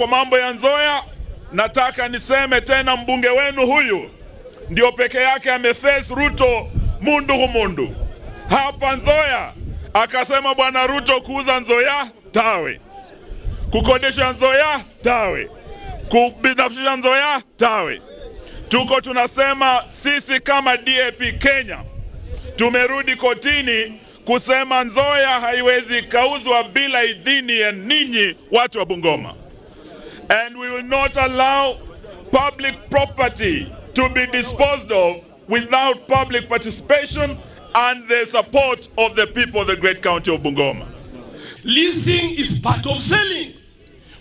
Kwa mambo ya Nzoia, nataka niseme tena, mbunge wenu huyu ndio peke yake ameface Ruto mundu humundu hapa Nzoia. Akasema bwana Ruto kuuza Nzoia tawe, kukodesha Nzoia tawe, kubinafsisha Nzoia tawe. Tuko tunasema sisi kama DAP Kenya tumerudi kotini kusema Nzoia haiwezi kauzwa bila idhini ya ninyi watu wa Bungoma and we will not allow public property to be disposed of without public participation and the support of the people of the great county of Bungoma. Leasing is part of selling.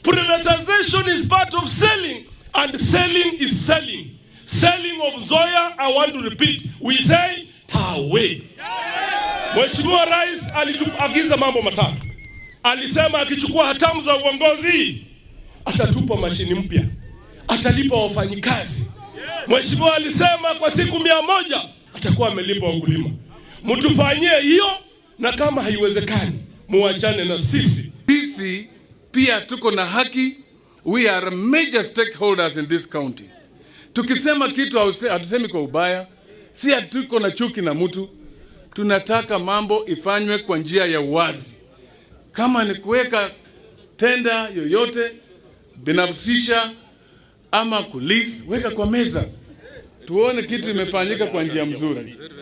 Privatization is part of selling. And selling is selling. Selling of Zoya, I want to repeat, we say tawe. Mheshimiwa Rais alituagiza mambo matatu. Alisema akichukua hatamu za uongozi atatupa mashini mpya, atalipa wafanyikazi. Mheshimiwa alisema kwa siku mia moja atakuwa amelipa wakulima. Mtufanyie hiyo, na kama haiwezekani muachane na sisi. Sisi pia tuko na haki, we are major stakeholders in this county. Tukisema kitu hatusemi kwa ubaya, si hatuko na chuki na mtu. Tunataka mambo ifanywe kwa njia ya uwazi, kama ni kuweka tenda yoyote binafsisha ama kulis weka kwa meza tuone kitu imefanyika kwa njia mzuri.